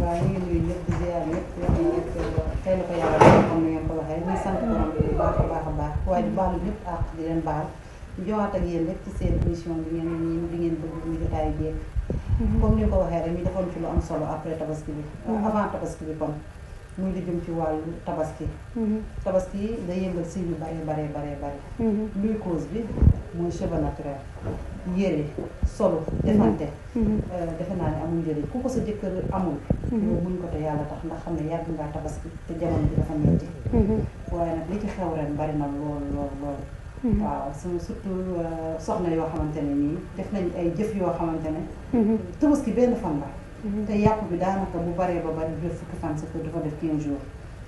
waaw ñu ngi nuyu ñëpp ziar ñëpp wax na rek xëy na ko yàlla dafa xam ne ngeen ko waxee ñu sant borom bi bu baax a baax a baax waaye di baalu ñëpp àq di leen baal ñu joxaat ak yéen rek ci seen émission bi ngeen ñi bi ngeen bëgg muy jotaayu jéeg comme ni ko waxee rek ñu defoon ci lu am solo après tabaski bi avant tabaski bi kon muy lu ci wàllu tabaski. Mhm. tabaski day yëngal siy yu bare bare bare bare. Mhm. luy cause bi mooy seba naturel yére solo mhm. defante. Euh, defe naa ne amul njëriñ ku ko sa jëkkër amul. yow muñ ko te yàlla tax ndax xam ne yàgg ngaa tabaski te jamono bi dafa metti. waaye nag li ci xew ren bari na lool lool lool. waaw suñu surtout euh, soxna yoo xamante nii def nañ ay jëf yoo xamante ne. benn fan la. Mhm. te yàpp bi daanaka bu baree ba bari du fukki fan sax dafa def 15 jours.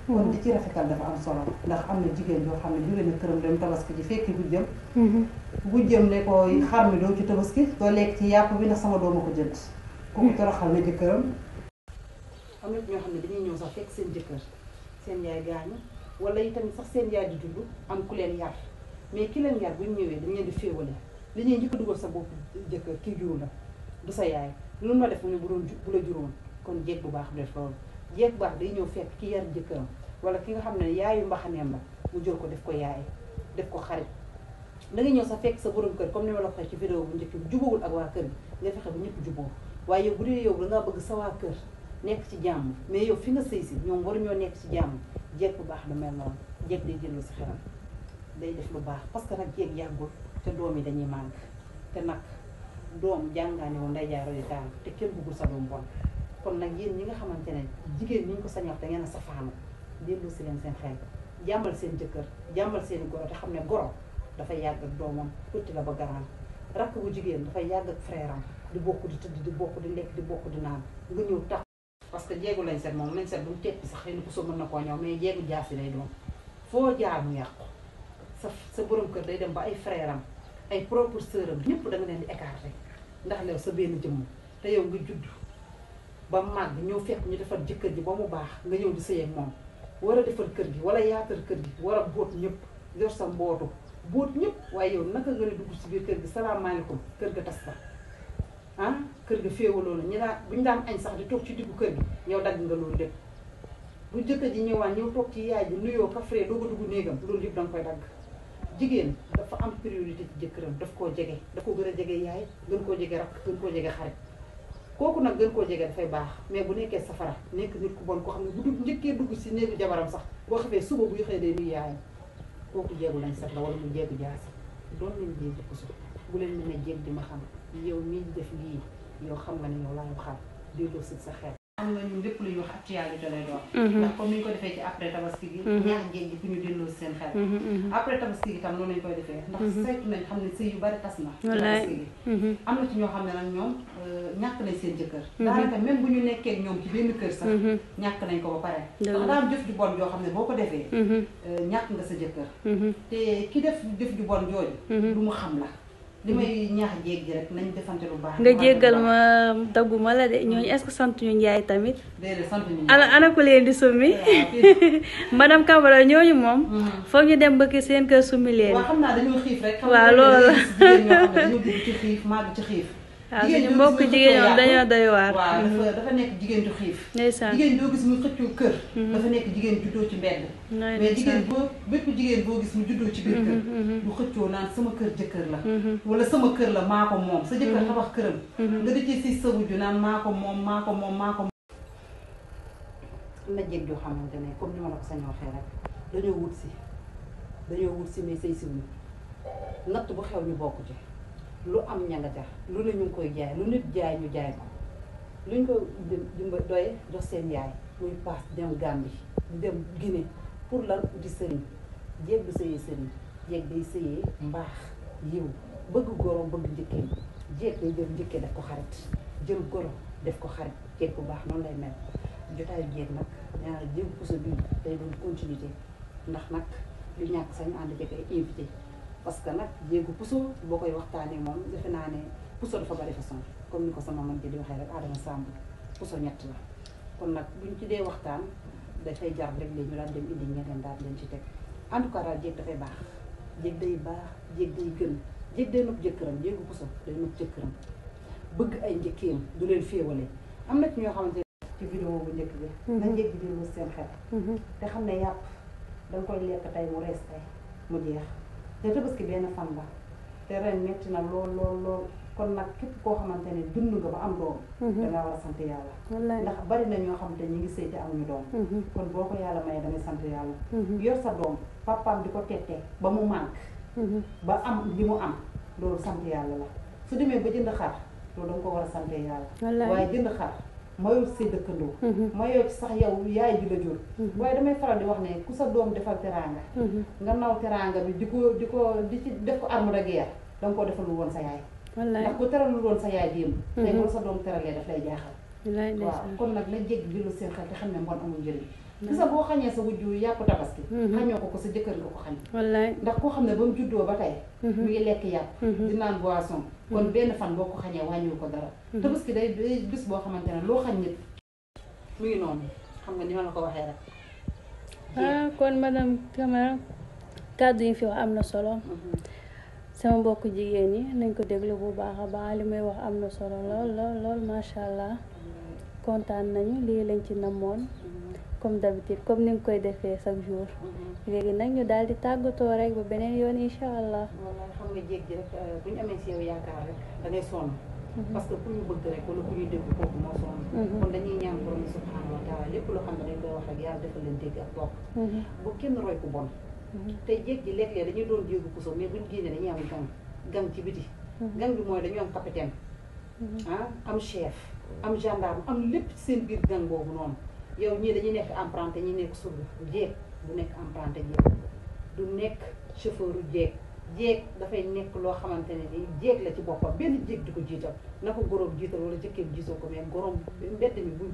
Mhm. kon di ci rafetal dafa am solo ndax am na jigéen yoo xam ne jóge na këram dem tabaski ji fekki gujjam mhm. gujjam ne ko xar mi doo ci tabaski doo lekk ci yàpp bi ndax sama dooma ko jënd ku ko toroxal na jëkkëram am na ñoo xam ne dañuy ñëw sax fekk seen jëkkër seen yaay gaañu wala itam sax seen yaay di dund am ku leen yar mais ki leen yar bu ñu ñëwee dañ leen di féewale li ñuy njëkk dugal sa bopp jëkkër kii jiw la du sa yaay lu ma def mu bu doon bu la juróom kon jeeg bu baax def loolu jeeg bu baax day ñëw fekk ki yar jëkkëram wala ki nga xam ne yaayu mbaxaneem la mu jël ko def ko yaay def ko xarit da nga ñëw sa fekk sa borom kër comme ni ma la waxee ci vidéo bu njëkk jubawul ak waa kër bi ñëpp juboo waaye bu dee yow da bëgg sa waa nekk ci jàmm mais yow fi nga sëy si ñoom waru ñoo nekk ci jàmm jeeg bu baax du mel noonu jeeg day jëllu si xelam day def lu baax parce que nag jeeg yàggul te doom yi dañuy manque te nag doom jàngaane woon nday jaar di daanu te kenn bëggul sa doom bon kon nag yéen ñi nga xamante ne jigéen ñi ñu ko sañ wax da ngeen a safaanu dellu si leen seen jàmbal seen jëkkër jàmbal seen goro te xam ne goro dafay yàgg ak doomam utti la ba garaan rakk bu jigéen dafay yàgg ak frère di bokk di tëdd di bokk di lekk di bokk di naan nga ñëw tax parce que jeegu lañ set moom lañ set bu teppi sax xëy na ko soo mën na koo ñëw mais jeegu jaasi lay doon foo jaar mu yàqu sa sa borom kër day dem ba ay frère ay propre am ñëpp da leen di écarter ndax lew sa benn jëmm te yow nga judd ba màgg ñëw fekk ñu defar jëkkër ji ba mu baax nga ñëw di sëy moom war a defar kër gi wala yaatal kër gi war a boot ñëpp yor sa mbootu boot ñëpp waaye yow naka nga ne dugg si biir kër gi salaamaaleykum kër ga tas ba ah kër gi féewaloo na ñu daan bu ñu daan añ sax di toog ci diggu kër gi yow dagg nga loolu lépp bu jëkkër ji ñëwaan ñëw toog ci yaay ji nuyoo kafree doo ko dugg néegam loolu yëpp da koy dagg jigéen dafa am priorité ci jëkkëram daf koo jege da ko gën a jege yaay gën koo jege rak gën koo jege xarit kooku nag gën koo jege dafay baax mais bu nekkee safara nekk nit ku bon koo xam ne bu dugg njëkkee dugg si néegu jabaram sax boo xamee suba bu xëyee day nuyu yaayam kooku jeegu lañ sax la wala mu jeegu jaasi doon nañ jéegi ko su bu leen mën a jéeg di ma xam yow mii def lii yow xam nga ne yow laa xam déedoo si sa xel am na ñu lépp lu ñu wax actualité lay doon mhm. ndax comme ni ñu ko defee ci après tabaski gi mhm. ñaax ngeen ñi bu ñu delloo seen xel mhm, après tabaski gi tam noonu lañ koy defee ndax saytu nañ xam ne sëy yu bari tas na tabaski gi am na ci ñoo xam ne nag ñoom euh, ñàkk nañ seen jëkkër daanaka même bu ñu nekkee ñoom ci benn kër sax ñàkk nañ ko ba pare ndax daa am jëf ju bon joo xam ne boo ko defee euh, ñàkk nga sa jëkkër te ki def jëf ju bon jooju lu mu xam la li may ñaax jéeg rek nañ baax. nga jéggal ma daggu ma la de ñooñu est-ce que sant ñu Njaay tamit. déedéet sant ñu ana ana ku leen di summi. madame Camara ñooñu moom. Mm. foog ñu dem ba kii seen kër summi leen. waaw xam naa dañoo xiif rek. waaw loolu la xam naa dañoo Ah, waaw suñu mbokk jigéen ñoom dañoo doy waar. waaw mm-hmm. dafa nekk jigéen ju xiif. ndeysaan jigéen doo gis muy xëccoo kër. Mm-hmm. dafa nekk jigéen ju juddoo ci mbedd. mais jigéen boo bépp jigéen boo gis mu juddoo ci biir kër. Mm-hmm, xëccoo naan sama kër jëkkër la. wala sama kër la maa ko moom sa jëkkër tabax këram. nga da cee si sa wujju naan maa ko moom maa ko moom maa ko moom. am na jéeg yoo xamante ne comme ni la ko sañoo waxee rek dañoo wut si dañoo wut si mais say si natt bu xew ñu bokk ci. lu am ña nga tax lu ne ñu ngi koy jaay lu nit jaay ñu jaay ko luñ ko dimba doye jox seen yaay muy paas dem Gambie dem Guinée pour lan di sëriñ jeeg du sëyee sëriñ jeeg day sëyee mbaax yiw bëgg goro bëgg njëkkee jeeg day njëkkee def ko xarit jël goro def ko xarit jeeg bu baax noonu lay mel jotaay jeeg nag ñaar jéeg ko sa biir day doon continuité ndax nag lu ñàkk sañ ànd jëkk ay parce que nag jéegu puso boo koy waxtaanee moom defe naa ne puso dafa bari façon comme ni ko sama man di waxee rek Adama Samb puso ñett la kon nag buñ ci dee waxtaan dafay jar rek léegi ñu dem indi ñeneen daal leen ci teg en tout cas jéeg dafay baax jéeg day baax jéeg day gën jéeg day nopp jëkkëram jéegu puso day nopp jëkkëram bëgg ay njëkkeem du leen féewale am na ci ñoo xamante ne ci vidéo bu njëkk bi nañ njëkk bi mu seen xel mhm. te xam ne yàpp danga koy lekk tey mu mu jeex te tabaski benn fan la te ren metti na lool lool lool kon nag képp koo xamante ne dund nga ba am doom mhm. da ngaa war a sant yàlla ndax bari na ñoo xam te ñu ngi sëy am amuñu doom mhm. kon boo ko yàlla mayee dangay sant yàlla mhm. yor sa doom papaam di ko tette ba mu manque ba am bi mu am loolu sant yàlla la su demee ba jënd xar loolu da nga ko war a sante yàlla waaye jënd xar mayul say dëkkandoo mayoo mhm. ci sax yow yaay bi la jur mhm. waaye damay faral di wax ne ku sa doom defal teraanga mhm. nga naw teraanga bi di ko di ko di ci def ko arme de guerre danga ko defalul woon sa yaay ndax ko teralul woon sa yaay démb tey kon sa doom teralee daf lay jaaxal waaw kon nag na jéggi lu seen xel te xam ne mbon amul njëriñ gisa boo xañee sa wujju yàpp tabaski mhm. xañoo ko ko sa jëkkër nga ko xañ wallaay ndax koo xam ne ba mu juddoo ba tey mhm. mu ngi lekk yàpp mhm. di naan boisson kon benn fan boo ko xañee wàññiwu ko dara tabaski day bis boo xamante ne loo xañ nit mu ngi noonu xam nga ni ma la ko waxee rek ah, kon madame Camara kàddu yi fi wax am na solo sama mbokk jigéen yi nañ ko déglu bu baax a baax li may wax am na solo lool lool lool macha allah kontaan nañu lii lañ ci namoon comme d'habitude comme ni nga koy defee chaque jour mhm. léegi nag ñu daal di tàggatoo rek ba beneen yoon incha allah wala xam nga jéeg ji rek euh, bu ñu amee si yow yaakaar rek da ngay sonn mhm. parce que ku ñu bëgg rek wala ku ñu dégg kooku moo sonn mhm. lépp loo xam ne dañ koy wax rek yàlla defal leen dégg ak bopp bu kenn roy ku bon te jéeg ji lekkee léeg dañuy doon jéegu puso mais buñ génnee dañuy am gang gang ci biti gang bi mooy dañu am capitaine ah am chef am gendarme am lépp seen biir gang boobu noonu yow ñii dañuy nekk emprunté ñi nekk suuf jeeg du nekk emprunté jeeg du nekk chauffeur jeeg jeeg dafay nekk loo xamante ne ni jeeg la ci boppam benn jeeg di ko jiital na ko góoróom jiital wala jëkkër jiital ko mais góoróom mbedd mi bu